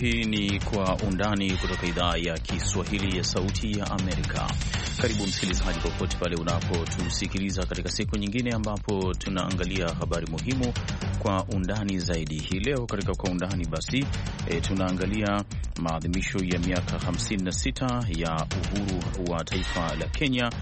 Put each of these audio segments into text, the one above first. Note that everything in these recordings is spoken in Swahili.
Hii ni Kwa Undani kutoka idhaa ya Kiswahili ya Sauti ya Amerika. Karibu msikilizaji, popote pale unapotusikiliza katika siku nyingine ambapo tunaangalia habari muhimu kwa undani zaidi. Hii leo katika Kwa Undani basi e, tunaangalia maadhimisho ya miaka 56 ya uhuru wa taifa la Kenya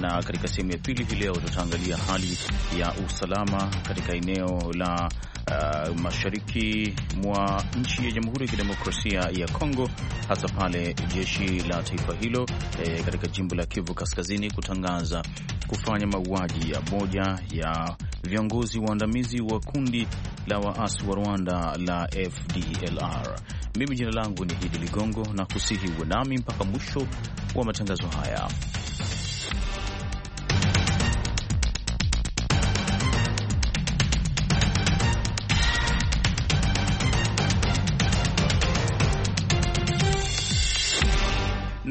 na katika sehemu ya pili hii leo tutaangalia hali ya usalama katika eneo la uh, mashariki mwa nchi ya Jamhuri ya Kidemokrasia ya Kongo, hasa pale jeshi la taifa hilo eh, katika jimbo la Kivu Kaskazini kutangaza kufanya mauaji ya moja ya viongozi waandamizi wa kundi la waasi wa Rwanda la FDLR. Mimi jina langu ni Idi Ligongo na kusihi uwe nami mpaka mwisho wa matangazo haya.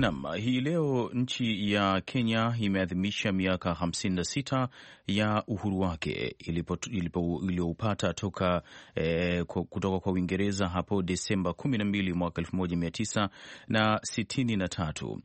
Nam, hii leo nchi ya Kenya imeadhimisha miaka 56 ya uhuru wake iliyoupata ilipo, toka eh, kutoka kwa Uingereza hapo Desemba 12 mwaka 1963.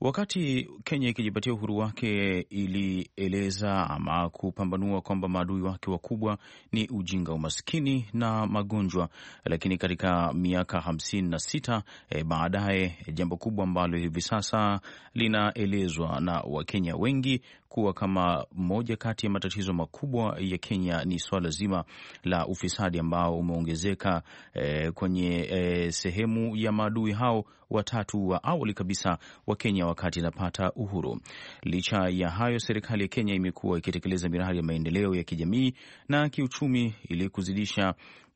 Wakati Kenya ikijipatia uhuru wake ilieleza ama kupambanua kwamba maadui wake wakubwa ni ujinga, umaskini na magonjwa, lakini katika miaka 56 eh, baadaye jambo kubwa ambalo hivi sasa linaelezwa na Wakenya wengi kuwa kama moja kati ya matatizo makubwa ya Kenya ni swala zima la ufisadi ambao umeongezeka eh, kwenye eh, sehemu ya maadui hao watatu wa awali kabisa wa Kenya wakati inapata uhuru. Licha ya hayo, serikali ya Kenya imekuwa ikitekeleza miradi ya maendeleo ya kijamii na kiuchumi ili kuzidisha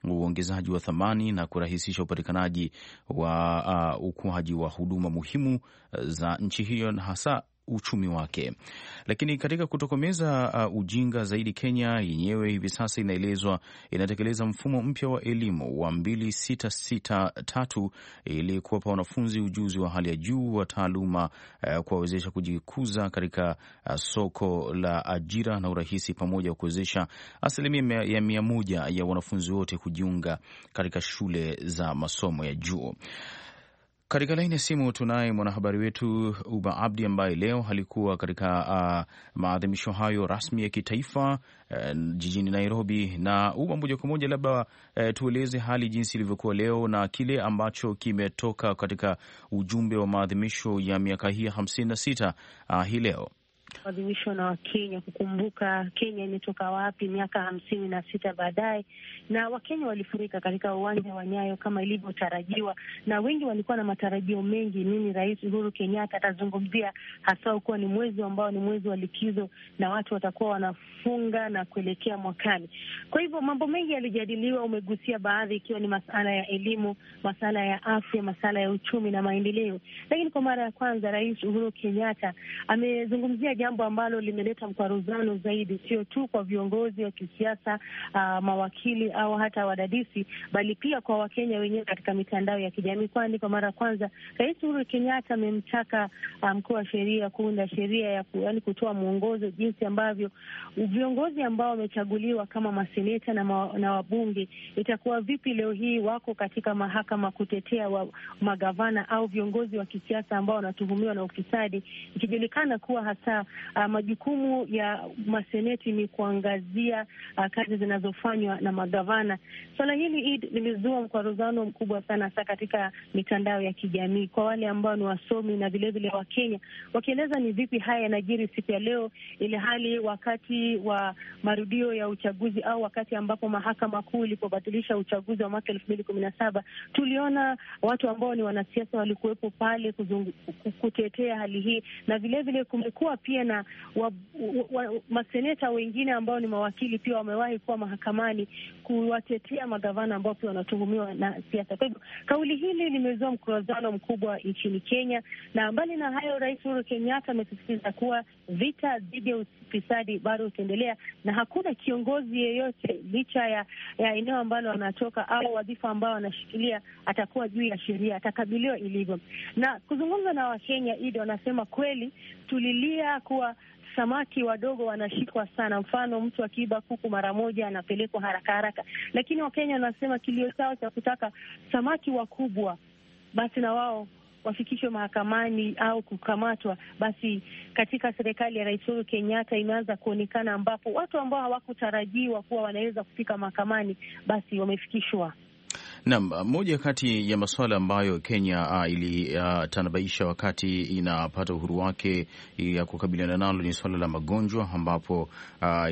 uongezaji wa thamani na kurahisisha upatikanaji wa uh, ukuaji wa huduma muhimu uh, za nchi hiyo, na hasa uchumi wake. Lakini katika kutokomeza uh, ujinga zaidi, Kenya yenyewe hivi sasa inaelezwa inatekeleza mfumo mpya wa elimu wa 2663 ili kuwapa wanafunzi ujuzi wa hali ya juu wa taaluma uh, kuwawezesha kujikuza katika uh, soko la ajira na urahisi, pamoja wa kuwezesha asilimia ya mia moja ya wanafunzi wote kujiunga katika shule za masomo ya juu. Katika laini ya simu tunaye mwanahabari wetu Uba Abdi ambaye leo alikuwa katika uh, maadhimisho hayo rasmi ya kitaifa uh, jijini Nairobi. Na Uba, moja kwa moja labda uh, tueleze hali jinsi ilivyokuwa leo na kile ambacho kimetoka katika ujumbe wa maadhimisho ya miaka hii ya hamsini na sita uh, hii leo wadhimisho na Wakenya kukumbuka Kenya imetoka wapi miaka hamsini na sita baadaye, na Wakenya walifurika katika uwanja wa Nyayo kama ilivyotarajiwa, na wengi walikuwa na matarajio mengi, nini Rais Uhuru Kenyatta atazungumzia, hasa ukuwa ni mwezi ambao ni mwezi wa likizo na watu watakuwa wanafunga na kuelekea mwakani. Kwa hivyo mambo mengi yalijadiliwa, umegusia baadhi, ikiwa ni masala ya elimu, masala ya afya, masala ya uchumi na maendeleo, lakini kwa mara ya kwanza Rais Uhuru Kenyatta amezungumzia jambo ambalo limeleta mkwaruzano zaidi, sio tu kwa viongozi wa kisiasa uh, mawakili au hata wadadisi, bali pia kwa Wakenya wenyewe katika mitandao ya kijamii, kwani kwa mara ya kwanza Rais Uhuru Kenyatta amemtaka ah, mkuu um, wa sheria kuunda sheria ya ku, yani kutoa mwongozo jinsi ambavyo viongozi ambao wamechaguliwa kama maseneta na, ma, na wabunge itakuwa vipi leo hii wako katika mahakama kutetea wa, magavana au viongozi wa kisiasa ambao wanatuhumiwa na ufisadi, ikijulikana kuwa hasa uh, majukumu ya maseneti ni kuangazia uh, kazi zinazofanywa na magavana. Swala hili Id limezua mkwaruzano mkubwa sana hasa katika mitandao ya kijamii, kwa wale ambao ni wasomi na vilevile Wakenya wakieleza ni vipi haya yanajiri siku ya leo, ili hali wakati wa marudio ya uchaguzi au wakati ambapo mahakama kuu ilipobatilisha uchaguzi wa mwaka elfu mbili kumi na saba tuliona watu ambao ni wanasiasa walikuwepo pale kuzungu, kutetea hali hii na vilevile kumekuwa pia pamoja na wa, wa, wa, maseneta wengine ambao ni mawakili pia wamewahi kuwa mahakamani kuwatetea magavana ambao pia wanatuhumiwa na siasa. Kwa hivyo kauli hili limezua mkurazano mkubwa nchini Kenya, na mbali na hayo, Rais Uhuru Kenyatta amesisitiza kuwa vita dhidi ya ufisadi bado utaendelea na hakuna kiongozi yeyote licha ya, ya eneo ambalo anatoka au wadhifa ambao anashikilia atakuwa juu ya sheria, atakabiliwa ilivyo. Na kuzungumza na Wakenya, Ido wanasema kweli tulilia kuwa samaki wadogo wanashikwa sana. Mfano, mtu akiiba kuku mara moja anapelekwa haraka haraka, lakini Wakenya wanasema kilio chao cha kutaka samaki wakubwa, basi na wao wafikishwe mahakamani au kukamatwa. Basi katika serikali ya Rais Uhuru Kenyatta imeanza kuonekana, ambapo watu ambao hawakutarajiwa kuwa wanaweza kufika mahakamani, basi wamefikishwa Naam, moja kati ya masuala ambayo Kenya ah, ilitanabaisha ah, wakati inapata uhuru wake ya kukabiliana nalo ni suala la magonjwa, ambapo ah,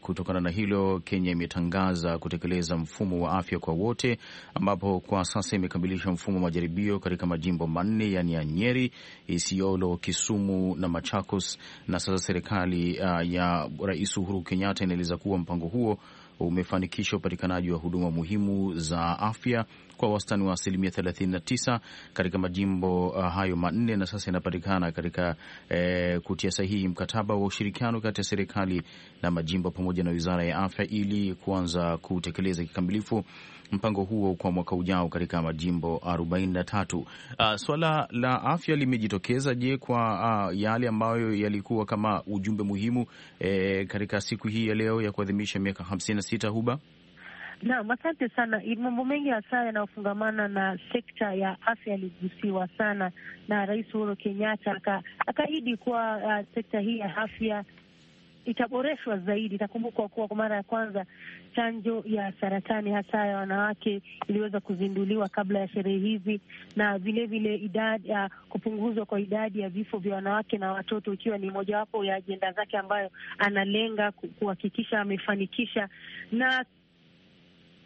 kutokana na hilo Kenya imetangaza kutekeleza mfumo wa afya kwa wote, ambapo kwa sasa imekamilisha mfumo wa majaribio katika majimbo manne yani ya Nyeri, Isiolo, Kisumu na Machakos, na sasa serikali ya Rais Uhuru Kenyatta inaeleza kuwa mpango huo umefanikisha upatikanaji wa huduma muhimu za afya kwa wastani wa asilimia 39 katika majimbo uh, hayo manne, na sasa inapatikana katika eh, kutia sahihi mkataba wa ushirikiano kati ya serikali na majimbo pamoja na wizara ya afya ili kuanza kutekeleza kikamilifu mpango huo kwa mwaka ujao katika majimbo 43. Uh, swala la afya limejitokeza je, kwa uh, yale ambayo yalikuwa kama ujumbe muhimu eh, katika siku hii ya leo ya kuadhimisha miaka 56 Huba? Naam, asante sana. Mambo mengi hasa yanayofungamana na sekta ya afya yaligusiwa sana na Rais Uhuru Kenyatta, akaahidi kuwa uh, sekta hii ya afya itaboreshwa zaidi. Itakumbukwa kuwa kwa mara ya kwanza chanjo ya saratani hasa ya wanawake iliweza kuzinduliwa kabla ya sherehe hizi, na vilevile idadi ya uh, kupunguzwa kwa idadi ya vifo vya wanawake na watoto, ikiwa ni mojawapo ya ajenda zake ambayo analenga kuhakikisha amefanikisha. Na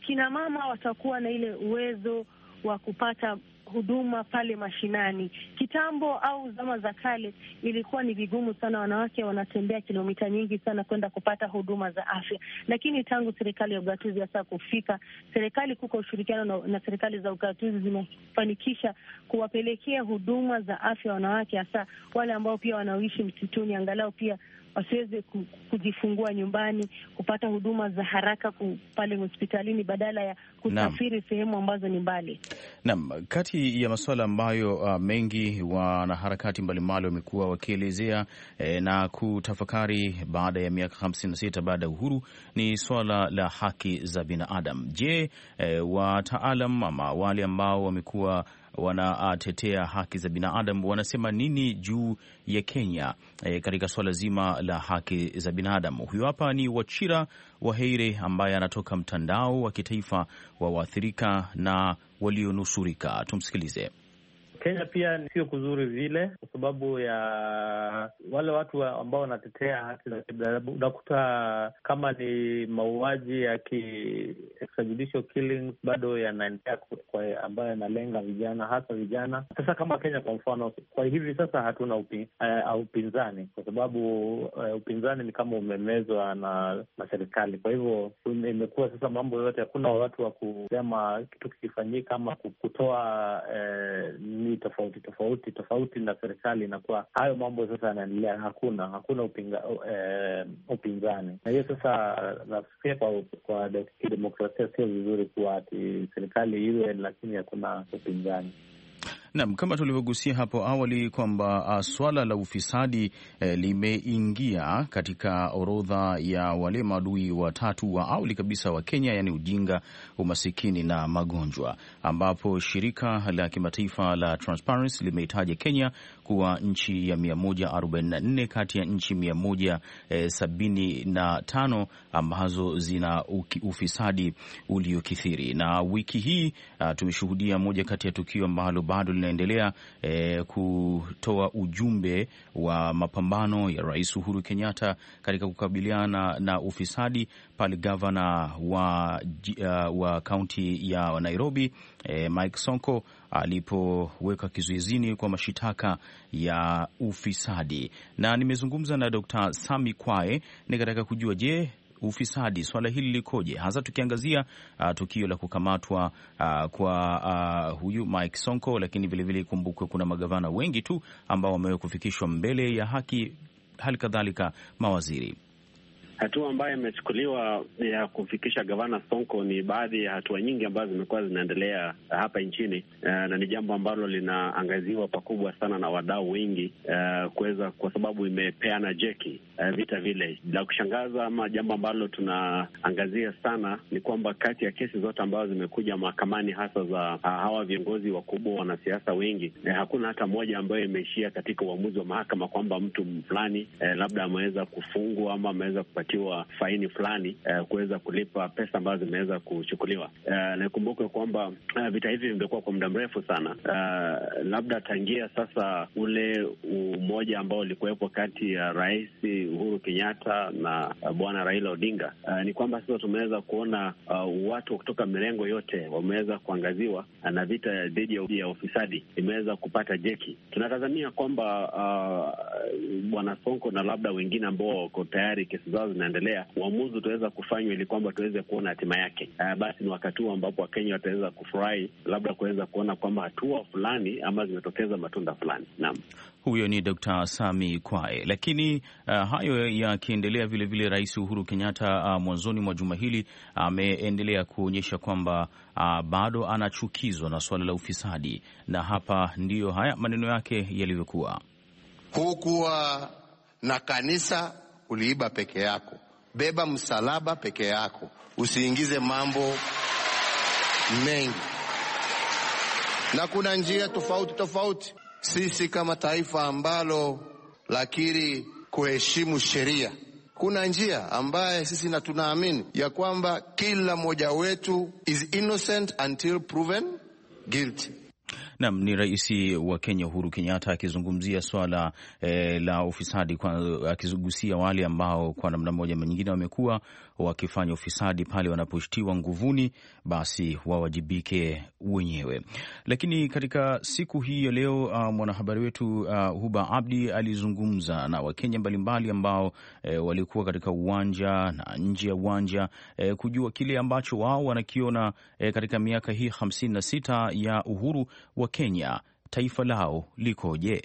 kina mama watakuwa na ile uwezo wa kupata huduma pale mashinani. Kitambo au zama za kale ilikuwa ni vigumu sana, wanawake wanatembea kilomita nyingi sana kwenda kupata huduma za afya, lakini tangu serikali ya ugatuzi hasa kufika, serikali kuko ushirikiano na, na serikali za ugatuzi zimefanikisha kuwapelekea huduma za afya wanawake, hasa wale ambao pia wanaoishi msituni, angalau pia wasiweze kujifungua nyumbani, kupata huduma za haraka pale hospitalini badala ya kusafiri sehemu ambazo ni mbali. Naam, kati ya masuala ambayo uh, mengi wanaharakati mbalimbali wamekuwa wakielezea eh, na kutafakari baada ya miaka hamsini na sita baada ya uhuru ni swala la haki za binadamu. Je, eh, wataalam ama wale ambao wamekuwa wanatetea haki za binadamu wanasema nini juu ya Kenya e, katika suala zima la haki za binadamu. Huyu hapa ni Wachira wa heire ambaye anatoka mtandao wa kitaifa wa waathirika na walionusurika. Tumsikilize. Kenya pia sio kuzuri vile, kwa sababu ya wale watu ambao wanatetea haki za kibinadamu. Unakuta kama ni mauaji ya extrajudicial killings bado yanaendelea, ambayo yanalenga vijana, hasa vijana. Sasa kama Kenya kwa mfano, kwa hivi sasa hatuna upi, uh, upinzani kwa sababu uh, upinzani ni kama umemezwa na na serikali. Kwa hivyo imekuwa sasa mambo yote, hakuna watu wa kusema kitu kikifanyika ama kutoa uh, jamii tofauti tofauti tofauti na serikali, inakuwa hayo mambo sasa yanaendelea, hakuna hakuna upinga, uh, upinzani. Na hiyo sasa nafikiria kwa, kwa kidemokrasia sio vizuri kuwa ati serikali iwe lakini hakuna upinzani. Naam, kama tulivyogusia hapo awali kwamba ah, swala la ufisadi eh, limeingia katika orodha ya wale maadui watatu wa awali kabisa wa Kenya, yani ujinga, umasikini na magonjwa, ambapo shirika la kimataifa la Transparency Kenya kuwa nchi ya 144 kati ya nchi 175 ambazo zina ufisadi uliokithiri. Na wiki hii uh, tumeshuhudia moja kati ya tukio ambalo bado linaendelea e, kutoa ujumbe wa mapambano ya Rais Uhuru Kenyatta katika kukabiliana na ufisadi pale gavana wa kaunti uh, wa ya Nairobi e, Mike Sonko alipoweka kizuizini kwa mashitaka ya ufisadi, na nimezungumza na Dr. Sami Kwae nikataka kujua je, ufisadi swala hili likoje, hasa tukiangazia uh, tukio la kukamatwa uh, kwa uh, huyu Mike Sonko, lakini vilevile ikumbukwe kuna magavana wengi tu ambao wamewe kufikishwa mbele ya haki, hali kadhalika mawaziri. Hatua ambayo imechukuliwa ya kumfikisha gavana Sonko ni baadhi ya hatua nyingi ambazo zimekuwa zinaendelea hapa nchini, uh, na ni jambo ambalo linaangaziwa pakubwa sana na wadau wengi uh, kuweza, kwa sababu imepeana jeki uh, vita vile. La kushangaza ama jambo ambalo tunaangazia sana ni kwamba kati ya kesi zote ambazo zimekuja mahakamani, hasa za uh, hawa viongozi wakubwa, wanasiasa wengi, uh, hakuna hata moja ambayo imeishia katika uamuzi wa mahakama kwamba mtu fulani uh, labda ameweza kufungwa ama ameweza watapatiwa faini fulani eh, kuweza kulipa pesa ambazo zimeweza kuchukuliwa. Eh, nikumbuke kwamba eh, vita hivi vimekuwa kwa muda mrefu sana, eh, labda tangia sasa ule umoja ambao ulikuwepo kati ya Rais Uhuru Kenyatta na eh, Bwana Raila Odinga. Eh, ni kwamba sasa tumeweza kuona uh, watu kutoka mirengo yote wameweza kuangaziwa eh, na vita dhidi ya ufisadi imeweza kupata jeki. Tunatazamia kwamba uh, Bwana Sonko na labda wengine ambao wako tayari kesi zao zinaendelea, uamuzi utaweza kufanywa ili kwamba tuweze kuona hatima yake. Uh, basi ni wakati huu ambapo Wakenya wataweza kufurahi, labda kuweza kuona kwamba hatua fulani ama zimetokeza matunda fulani. Naam, huyo ni Dr. Sami Kwae. Lakini uh, hayo yakiendelea, vilevile Rais Uhuru Kenyatta uh, mwanzoni mwa juma hili ameendelea uh, kuonyesha kwamba uh, bado anachukizwa na suala la ufisadi, na hapa ndiyo haya maneno yake yalivyokuwa. Hukuwa na kanisa uliiba peke yako, beba msalaba peke yako, usiingize mambo mengi. Na kuna njia tofauti tofauti. Sisi kama taifa ambalo lakiri kuheshimu sheria, kuna njia ambaye sisi na tunaamini ya kwamba kila mmoja wetu is innocent until proven guilty. Nam ni rais wa Kenya Uhuru Kenyatta akizungumzia swala e, la ufisadi, akigusia wale ambao kwa namna moja ama nyingine wamekuwa wakifanya ufisadi pale wanaposhtiwa nguvuni, basi wawajibike wenyewe. Lakini katika siku hii ya leo uh, mwanahabari wetu uh, Huba Abdi alizungumza na Wakenya mbalimbali ambao e, walikuwa katika uwanja na nje ya uwanja e, kujua kile ambacho wao wanakiona e, katika miaka hii hamsini na sita ya uhuru wa Kenya, taifa lao likoje?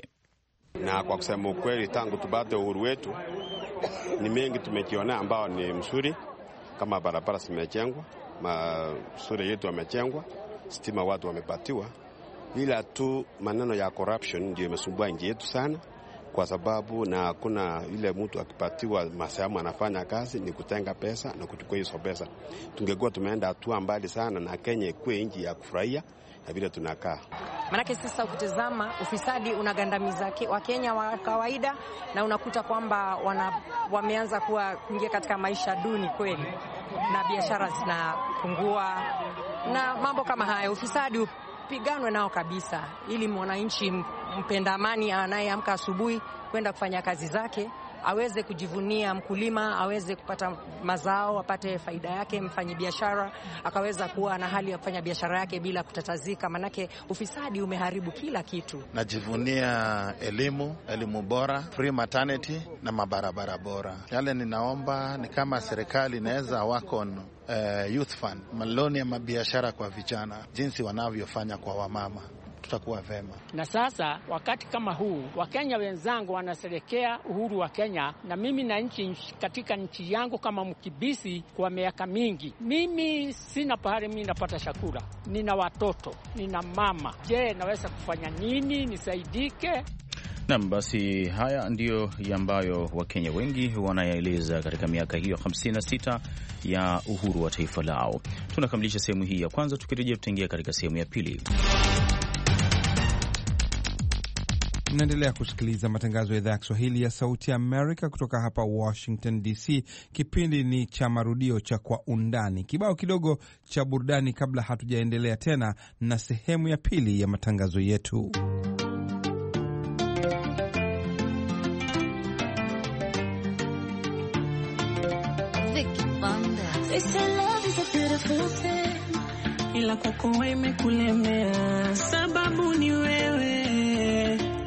Na kwa kusema ukweli, tangu tupate uhuru wetu ni mengi tumekionea, ambao ni mzuri, kama barabara zimechengwa mashule yetu yamejengwa, stima watu wamepatiwa, ila tu maneno ya corruption ndio imesumbua nchi yetu sana kwa sababu na hakuna ile mtu akipatiwa masehemu anafanya kazi ni kutenga pesa na kuchukua hizo pesa. Tungekuwa tumeenda hatua mbali sana, na Kenya ikuwe nchi ya kufurahia, na vile tunakaa. manake sasa ukitizama ufisadi unagandamiza Wakenya wa kawaida, na unakuta kwamba wana, wameanza kuwa kuingia katika maisha duni kweli, na biashara zinapungua na mambo kama haya. Ufisadi upiganwe nao kabisa, ili mwananchi mpenda amani anayeamka asubuhi kwenda kufanya kazi zake aweze kujivunia mkulima, aweze kupata mazao, apate faida yake, biashara akaweza kuwa na hali ya kufanya biashara yake bila kutatazika, manake ufisadi umeharibu kila kitu. Najivunia elimu, elimu bora, free maternity na mabarabara bora. Yale ninaomba ni kama serikali inaweza wako uh, eh, youth fund, maloni ya mabiashara kwa vijana, jinsi wanavyofanya kwa wamama tutakuwa vema. Na sasa wakati kama huu, Wakenya wenzangu wanasherekea uhuru wa Kenya na mimi na nchi katika nchi yangu kama mkibisi kwa miaka mingi. Mimi sina pahali mimi napata chakula, nina watoto, nina mama. Je, naweza kufanya nini nisaidike? Nam, basi haya ndiyo ambayo Wakenya wengi wanayaeleza katika miaka hiyo 56 ya uhuru wa taifa lao. Tunakamilisha sehemu hii ya kwanza, tukirejea tutaingia katika sehemu ya pili. Tunaendelea kusikiliza matangazo ya idhaa ya Kiswahili ya Sauti ya Amerika kutoka hapa Washington DC. Kipindi ni cha marudio cha Kwa Undani. Kibao kidogo cha burudani kabla hatujaendelea tena na sehemu ya pili ya matangazo yetu. Ila kwako imekulemea, sababu ni wewe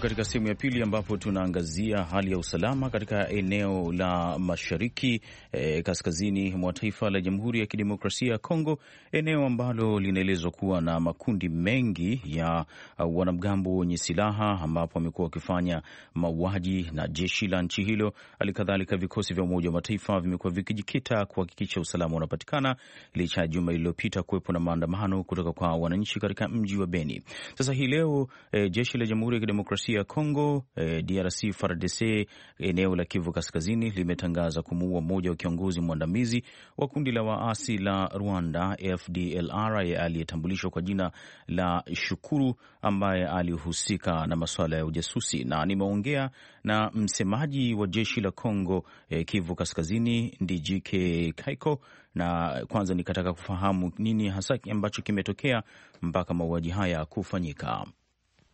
katika sehemu ya pili ambapo tunaangazia hali ya usalama katika eneo la mashariki e, kaskazini mwa taifa la Jamhuri ya Kidemokrasia ya Kongo, eneo ambalo linaelezwa kuwa na makundi mengi ya uh, wanamgambo wenye silaha ambapo wamekuwa wakifanya mauaji, na jeshi la nchi hilo halikadhalika vikosi vya Umoja wa Mataifa vimekuwa vikijikita kuhakikisha usalama unapatikana, licha ya juma lililopita kuwepo na maandamano kutoka kwa wananchi katika mji wa Beni. Sasa hii leo e, jeshi la Jamhuri ya Kidemokrasia ya Kongo eh, DRC FARDC eneo la Kivu Kaskazini limetangaza kumuua mmoja wa kiongozi mwandamizi wa kundi la waasi la Rwanda FDLR eh, aliyetambulishwa kwa jina la Shukuru ambaye alihusika na masuala ya ujasusi, na nimeongea na msemaji wa jeshi la congo eh, Kivu Kaskazini DJK Kaiko na kwanza nikataka kufahamu nini hasa ambacho kimetokea mpaka mauaji haya kufanyika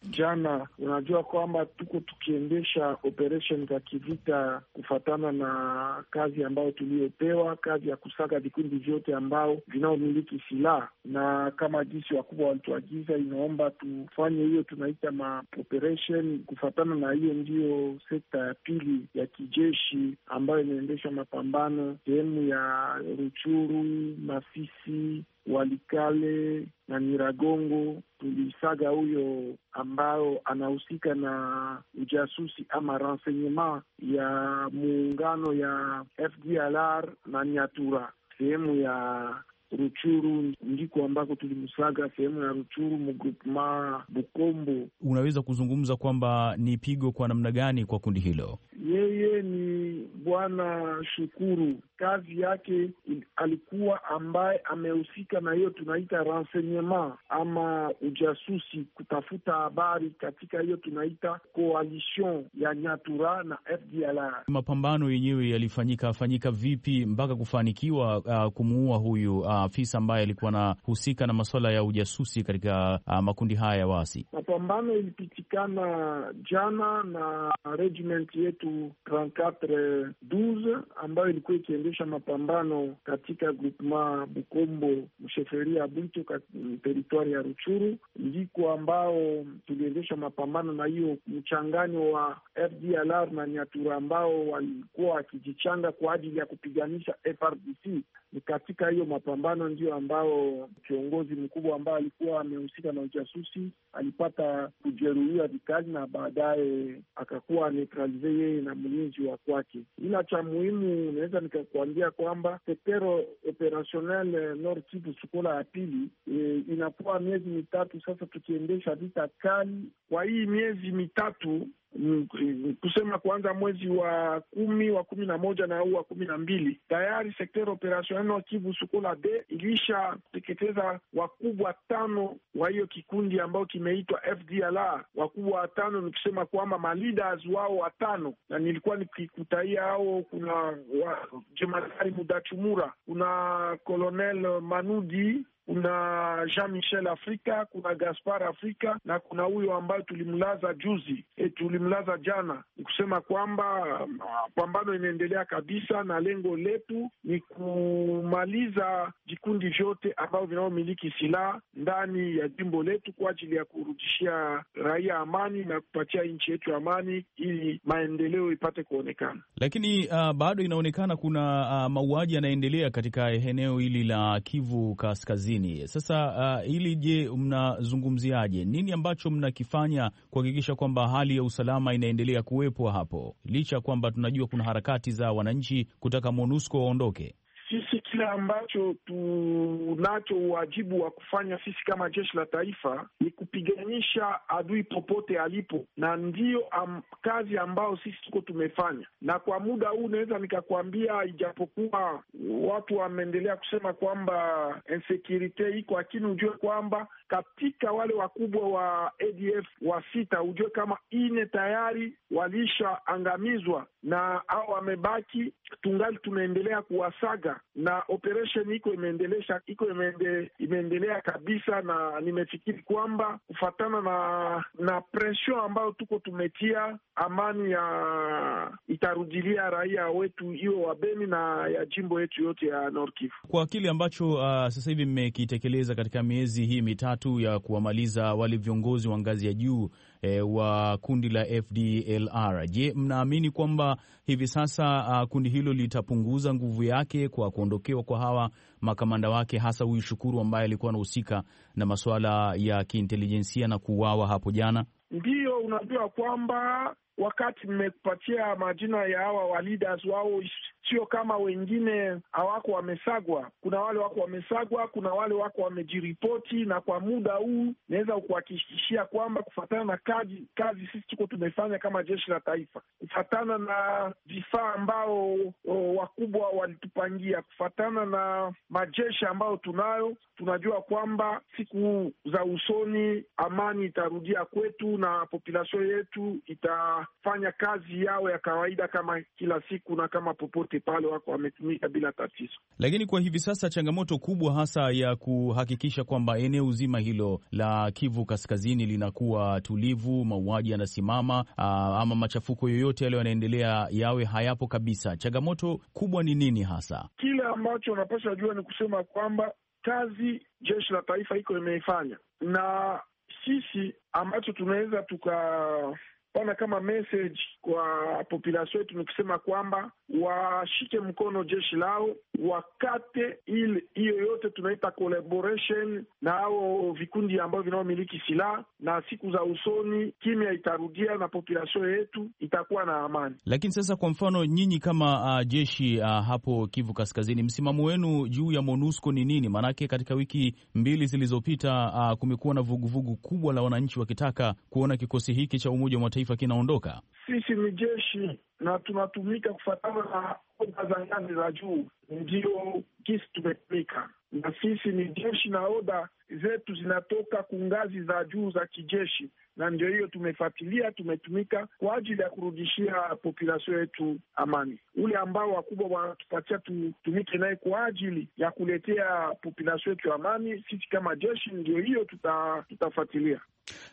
jana. Unajua kwamba tuko tukiendesha operation za kivita kufatana na kazi ambayo tuliyopewa, kazi ya kusaka vikundi vyote ambao vinaomiliki silaha, na kama jinsi wakubwa walituagiza, inaomba tufanye hiyo, tunaita ma operation kufatana na hiyo. Ndiyo sekta ya pili ya kijeshi ambayo inaendesha mapambano sehemu ya Ruchuru, Masisi Walikale na Nyiragongo tulisaga huyo ambao anahusika na ujasusi ama renseignement ya muungano ya FDLR na Nyatura sehemu ya Ruchuru ndiko ambako tulimsaga sehemu ya Ruchuru, mgrupma Bukombo. Unaweza kuzungumza kwamba ni pigo kwa namna gani kwa kundi hilo? Yeye ni bwana Shukuru, kazi yake alikuwa ambaye amehusika na hiyo tunaita renseignement ama ujasusi, kutafuta habari katika hiyo tunaita coalition ya Nyatura na FDLR. Mapambano yenyewe yalifanyika fanyika vipi mpaka kufanikiwa uh, kumuua huyu uh, afisa ambaye alikuwa anahusika na masuala ya ujasusi katika uh, makundi haya ya waasi. Mapambano ilipitikana jana na regiment yetu 3412 ambayo ilikuwa ikiendesha mapambano katika groupement Bukombo msheferia Bwito teritwari ya Ruchuru, ndiko ambao tuliendesha mapambano na hiyo mchanganyo wa FDLR na Nyatura ambao walikuwa wakijichanga kwa ajili ya kupiganisha FRDC. Ni katika hiyo mapambano mapambano ndio ambao kiongozi mkubwa ambaye alikuwa amehusika na ujasusi alipata kujeruhiwa vikali, na baadaye akakuwa anetralize yeye na mlinzi wa kwake. Ila cha muhimu unaweza nikakuambia kwamba sektero operationel Nord Kivu sukola ya pili e, inakuwa miezi mitatu sasa tukiendesha vita kali. Kwa hii miezi mitatu Mm, mm, kusema kuanza mwezi wa kumi wa kumi na moja na au wa kumi na mbili tayari sekter operasionel wa Kivu Sukola de ilishateketeza wakubwa tano wa hiyo kikundi ambao kimeitwa FDLR. Wakubwa watano kusema kwamba maleaders wao watano, na nilikuwa nikikutaia hao, kuna jemadari Mudachumura, kuna kolonel Manudi kuna Jean Michel Afrika, kuna Gaspar Afrika na kuna huyo ambayo tulimlaza juzi e, tulimlaza jana. Ni kusema kwamba um, pambano inaendelea kabisa, na lengo letu ni kumaliza vikundi vyote ambavyo vinavyomiliki silaha ndani ya jimbo letu kwa ajili ya kurudishia raia amani na kupatia nchi yetu amani ili maendeleo ipate kuonekana. Lakini uh, bado inaonekana kuna uh, mauaji yanaendelea katika eneo hili la Kivu Kaskazini nini Sasa uh, ili je, mnazungumziaje? Nini ambacho mnakifanya kuhakikisha kwamba hali ya usalama inaendelea kuwepo hapo, licha ya kwamba tunajua kuna harakati za wananchi kutaka MONUSCO waondoke? Sisi kile ambacho tunacho uwajibu wa kufanya sisi kama jeshi la taifa ni kupiganisha adui popote alipo, na ndiyo am, kazi ambayo sisi tuko tumefanya. Na kwa muda huu naweza nikakwambia, ijapokuwa watu wameendelea kusema kwamba insecurity iko, lakini hujue kwamba katika wale wakubwa wa ADF wa sita, hujue kama ine tayari walishaangamizwa na au wamebaki, tungali tunaendelea kuwasaga na operation iko imeendelesha iko imeende, imeendelea kabisa, na nimefikiri kwamba kufatana na na pression ambayo tuko tumetia, amani ya itarudilia raia wetu hiyo wa Beni na ya jimbo yetu yote ya Nord Kivu, kwa kile ambacho uh, sasa hivi mmekitekeleza katika miezi hii mitatu ya kuwamaliza wale viongozi wa ngazi ya juu e, wa kundi la FDLR. Je, mnaamini kwamba hivi sasa uh, kundi hilo litapunguza nguvu yake kwa kuondokewa kwa hawa makamanda wake, hasa huyu Shukuru ambaye alikuwa anahusika na masuala ya kiintelijensia na kuuawa hapo jana? Ndiyo, unajua kwamba wakati mmekupatia majina ya hawa wa wao sio kama wengine hawako wamesagwa. Kuna wale wako wamesagwa, kuna wale wako wamejiripoti, na kwa muda huu naweza kuhakikishia kwamba kufatana na kazi, kazi sisi tuko tumefanya kama jeshi la taifa, kufatana na vifaa ambao o, wakubwa walitupangia, kufatana na majeshi ambayo tunayo, tunajua kwamba siku za usoni amani itarudia kwetu na populasio yetu itafanya kazi yao ya kawaida kama kila siku na kama popote wote pale wako wametumika bila tatizo. Lakini kwa hivi sasa changamoto kubwa hasa ya kuhakikisha kwamba eneo zima hilo la Kivu Kaskazini linakuwa tulivu, mauaji yanasimama, ah, ama machafuko yoyote yale yanaendelea yawe hayapo kabisa, changamoto kubwa ni nini hasa? Kile ambacho unapasha jua ni kusema kwamba kazi jeshi la taifa iko imeifanya na sisi ambacho tunaweza tuka pana kama message kwa population yetu ni kusema kwamba washike mkono jeshi lao, wakate hiyo yote tunaita collaboration na hao vikundi ambavyo vinaomiliki silaha, na siku za usoni kimya itarudia na population yetu itakuwa na amani. Lakini sasa, kwa mfano nyinyi kama uh, jeshi uh, hapo Kivu Kaskazini, msimamo wenu juu ya MONUSCO ni nini? Maanake katika wiki mbili zilizopita uh, kumekuwa na vuguvugu kubwa la wananchi wakitaka kuona kikosi hiki cha Umoja wa Mataifa taifa kinaondoka? Sisi ni jeshi na tunatumika kufatana na oda za ngazi za juu, ndio kisi tumetumika na sisi ni jeshi na oda zetu zinatoka ku ngazi za juu za kijeshi, na ndio hiyo tumefuatilia, tumetumika kwa ajili ya kurudishia populasio yetu amani. Ule ambao wakubwa wanatupatia tutumike naye kwa ajili ya kuletea populasio yetu amani, sisi kama jeshi ndio hiyo tutafuatilia.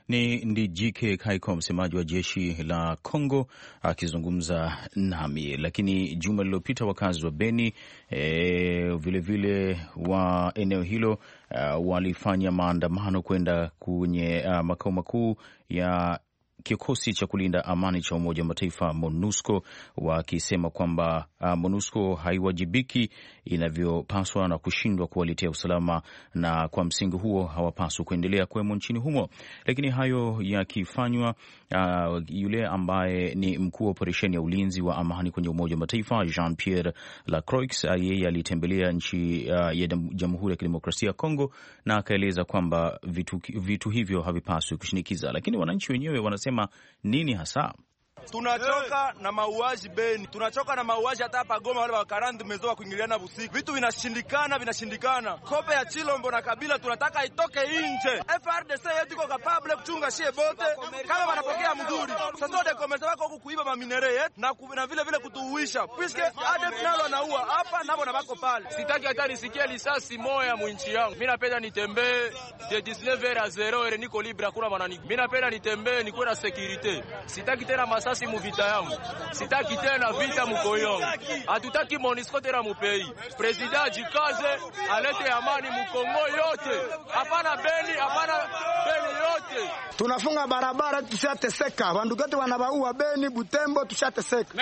Ni Ndjike Kaiko, msemaji wa jeshi la congo akizungumza nami. Lakini juma lililopita wakazi wa Beni vilevile vile wa eneo hilo uh, walifanya maandamano kwenda kwenye uh, makao makuu ya kikosi cha kulinda amani cha Umoja wa Mataifa MONUSCO wakisema kwamba uh, MONUSCO haiwajibiki inavyopaswa na kushindwa kuwaletea usalama, na kwa msingi huo hawapaswi kuendelea kuwemo nchini humo. Lakini hayo yakifanywa, uh, yule ambaye ni mkuu wa operesheni ya ulinzi wa amani kwenye Umoja wa Mataifa Jean Pierre Lacroix, uh, yeye alitembelea nchi uh, ya Jamhuri ya Kidemokrasia ya Kongo na akaeleza kwamba vitu, vitu hivyo havipaswi kushinikiza, lakini wananchi wenyewe wanasema nini hasa? Tunachoka na mauaji Beni, tunachoka na mauaji hata hapa Goma. Wale wakarani mezoa kuingiliana busiku, vitu vinashindikana vinashindikana. Kope ya Chilombo na Kabila tunataka itoke nje. FRDC yetu iko kapable kuchunga shie bote kama wanapokea mzuri. Sasa komeza wako huku kuiba maminere yetu na, na vile vile kutuuisha piske ade nalo anaua hapa navo na bako pale. Sitaki hata nisikie lisasi moya mwinchi yangu. Mimi napenda nitembee de 19 vers a 0 ere niko libre, hakuna wananigu. Mimi napenda nitembee nikuwe na security, sitaki tena masasi si muvita yangu, sitaki tena vita mukoyongo, hatutaki Monisco tena mupei. Prezida ajikaze alete amani mukongo yote, hapana Beni, hapana Beni tunafunga barabara, tushateseka, bandugate wanabaua Beni, Butembo, tushateseka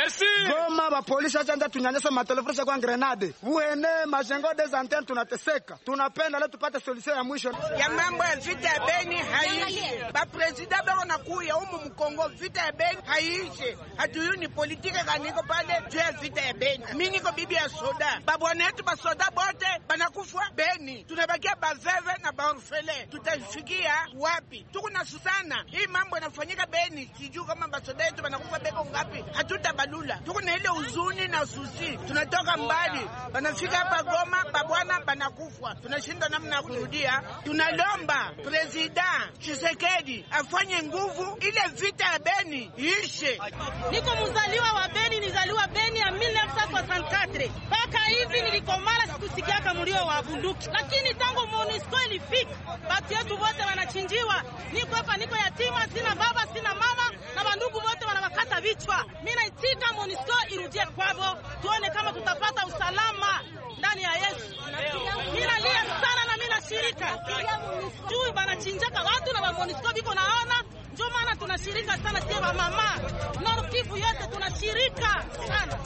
Goma, bapolisi achanja tunyanyasa matelefresha kwa grenade uene majengo des antennes, tunateseka. Tunapenda leo tupate solution ya mwisho ya mambo ya vita ya Beni haiishe, baprezida bako nakuya umu mkongo, vita ya Beni haiishe, hatuyu ni politike kaniko pale juu ya vita ya Beni. Mimi niko bibi ya soda, babwana yetu basoda bote banakufa Beni, tunabakia baveve na baorfele, tutafikia wapi? tuku susana hii mambo yanafanyika Beni, sijuu kama basoda yetu banakufa beko ngapi, hatutabalula tuku na ile uzuni na susi. Tunatoka mbali banafika hapa Goma, babwana banakufwa, tunashinda namna ya kurudia. Tunalomba presida Chisekedi afanye nguvu, ile vita ya Beni iishe. Niko mzaliwa wa Beni, nizaliwa Beni m mpaka hivi nilikomala, sikusikiaka mulio wa bunduki, lakini tangu MONUSCO ilifika batu yetu wote wanachinjiwa. Niko hapa, niko yatima, sina baba, sina mama, na bandugu wote wanawakata vichwa. Mimi naitika MONUSCO irudie kwavo, tuone kama tutapata usalama ndani ya Yesu. Mina lia sana na mina shirika juu banachinjaka watu na bamonisco biko naona, ndio maana tunashirika sana sie, wamama Nord Kivu yote tunashirika sana.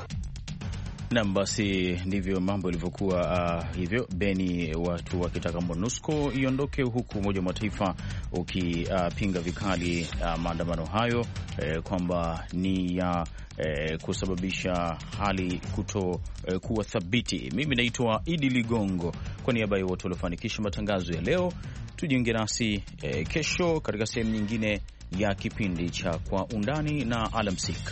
Nam, basi ndivyo mambo yalivyokuwa. Uh, hivyo Beni watu wakitaka MONUSCO iondoke, huku Umoja wa Mataifa ukipinga uh, vikali uh, maandamano hayo eh, kwamba ni ya uh, eh, kusababisha hali kuto eh, kuwa thabiti. Mimi naitwa Idi Ligongo, kwa niaba ya wote waliofanikisha matangazo ya leo. Tujiunge nasi eh, kesho katika sehemu nyingine ya kipindi cha Kwa Undani na alamsik.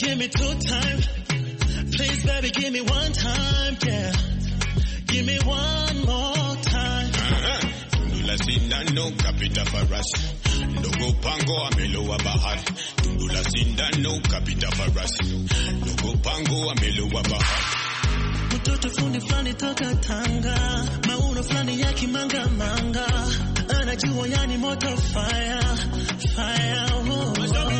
give me two times, Please, baby, give me one time, yeah. Give me one more time. Tundula sindano kapita farasi, ndogo pango amelo amelowa bahari. Tundula sindano kapita farasi, ndogo pango amelo amelowa bahari. Mtoto fundi fulani toka Tanga, mauno fulani ya kimanga manga, anajua yani moto fire fire. Oh, oh.